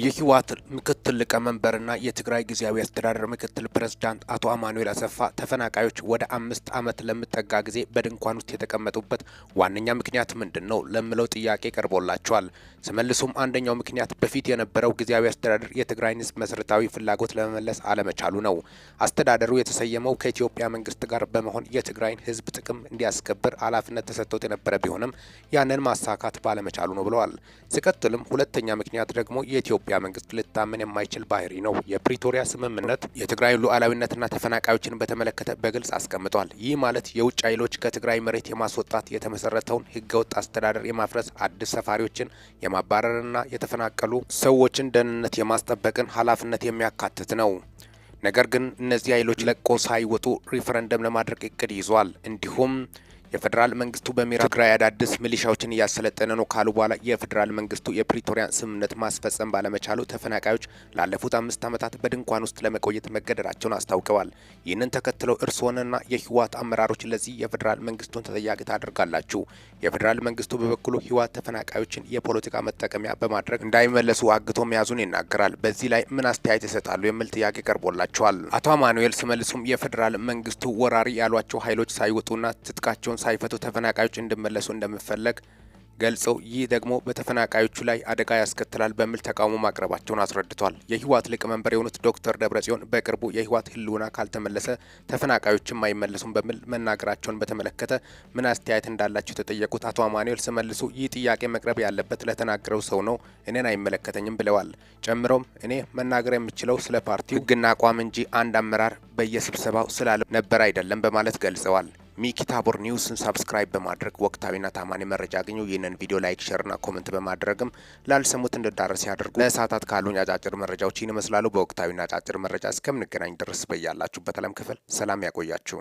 የህወሓት ምክትል ሊቀመንበርና የትግራይ ጊዜያዊ አስተዳደር ምክትል ፕሬዝዳንት አቶ አማኑኤል አሰፋ ተፈናቃዮች ወደ አምስት ዓመት ለምጠጋ ጊዜ በድንኳን ውስጥ የተቀመጡበት ዋነኛ ምክንያት ምንድን ነው ጥያቄ ቀርቦላቸዋል። ስመልሱም አንደኛው ምክንያት በፊት የነበረው ጊዜያዊ አስተዳደር የትግራይን ህዝብ መሰረታዊ ፍላጎት ለመመለስ አለመቻሉ ነው። አስተዳደሩ የተሰየመው ከኢትዮጵያ መንግስት ጋር በመሆን የትግራይን ህዝብ ጥቅም እንዲያስከብር ኃላፊነት ተሰጥቶት የነበረ ቢሆንም ያንን ማሳካት ባለመቻሉ ነው ብለዋል። ሲቀጥልም ሁለተኛ ምክንያት ደግሞ የኢትዮጵያ መንግስት ልታመን የማይችል ባህሪ ነው። የፕሪቶሪያ ስምምነት የትግራይ ሉዓላዊነትና ተፈናቃዮችን በተመለከተ በግልጽ አስቀምጧል። ይህ ማለት የውጭ ኃይሎች ከትግራይ መሬት የማስወጣት የተመሰረተውን ህገወጥ አስተዳደር የማፍረስ አዲስ ሰፋሪዎችን የማባረርና የተፈናቀሉ ሰዎችን ደህንነት የማስጠበቅን ኃላፊነት የሚያካትት ነው። ነገር ግን እነዚህ ኃይሎች ለቆ ሳይወጡ ሪፈረንደም ለማድረግ እቅድ ይዟል። እንዲሁም የፌዴራል መንግስቱ በምዕራብ ትግራይ አዳዲስ ሚሊሻዎችን እያሰለጠነ ነው ካሉ በኋላ የፌዴራል መንግስቱ የፕሪቶሪያን ስምምነት ማስፈጸም ባለመቻሉ ተፈናቃዮች ላለፉት አምስት ዓመታት በድንኳን ውስጥ ለመቆየት መገደዳቸውን አስታውቀዋል። ይህንን ተከትለው እርስዎንና የህወሓት አመራሮች ለዚህ የፌዴራል መንግስቱን ተጠያቂ ታደርጋላችሁ። የፌዴራል መንግስቱ በበኩሉ ህወሓት ተፈናቃዮችን የፖለቲካ መጠቀሚያ በማድረግ እንዳይመለሱ አግቶ መያዙን ይናገራል። በዚህ ላይ ምን አስተያየት ይሰጣሉ የሚል ጥያቄ ቀርቦላቸዋል። አቶ አማኑኤል ሲመልሱም የፌዴራል መንግስቱ ወራሪ ያሏቸው ኃይሎች ሳይወጡና ትጥቃቸውን ሳይፈቱ ተፈናቃዮች እንዲመለሱ እንደሚፈለግ ገልጸው ይህ ደግሞ በተፈናቃዮቹ ላይ አደጋ ያስከትላል በሚል ተቃውሞ ማቅረባቸውን አስረድቷል። የህወሓት ሊቀመንበር የሆኑት ዶክተር ደብረጽዮን በቅርቡ የህወሓት ህልውና ካልተመለሰ ተፈናቃዮችም አይመለሱም በሚል መናገራቸውን በተመለከተ ምን አስተያየት እንዳላቸው የተጠየቁት አቶ አማኑኤል ሲመልሱ ይህ ጥያቄ መቅረብ ያለበት ለተናገረው ሰው ነው፣ እኔን አይመለከተኝም ብለዋል። ጨምሮም እኔ መናገር የምችለው ስለ ፓርቲው ህግና አቋም እንጂ አንድ አመራር በየስብሰባው ስላለ ነበር አይደለም በማለት ገልጸዋል። ሚኪታቦር ኒውስን ሳብስክራይብ በማድረግ ወቅታዊና ታማኒ መረጃ ያገኙ። ይህንን ቪዲዮ ላይክ፣ ሼርና ኮመንት በማድረግም ላልሰሙት እንድዳረስ ያደርጉ። ለሰዓታት ካሉኝ አጫጭር መረጃዎች ይህን ይመስላሉ። በወቅታዊና አጫጭር መረጃ እስከምንገናኝ ድረስ በያላችሁበት ዓለም ክፍል ሰላም ያቆያችሁ።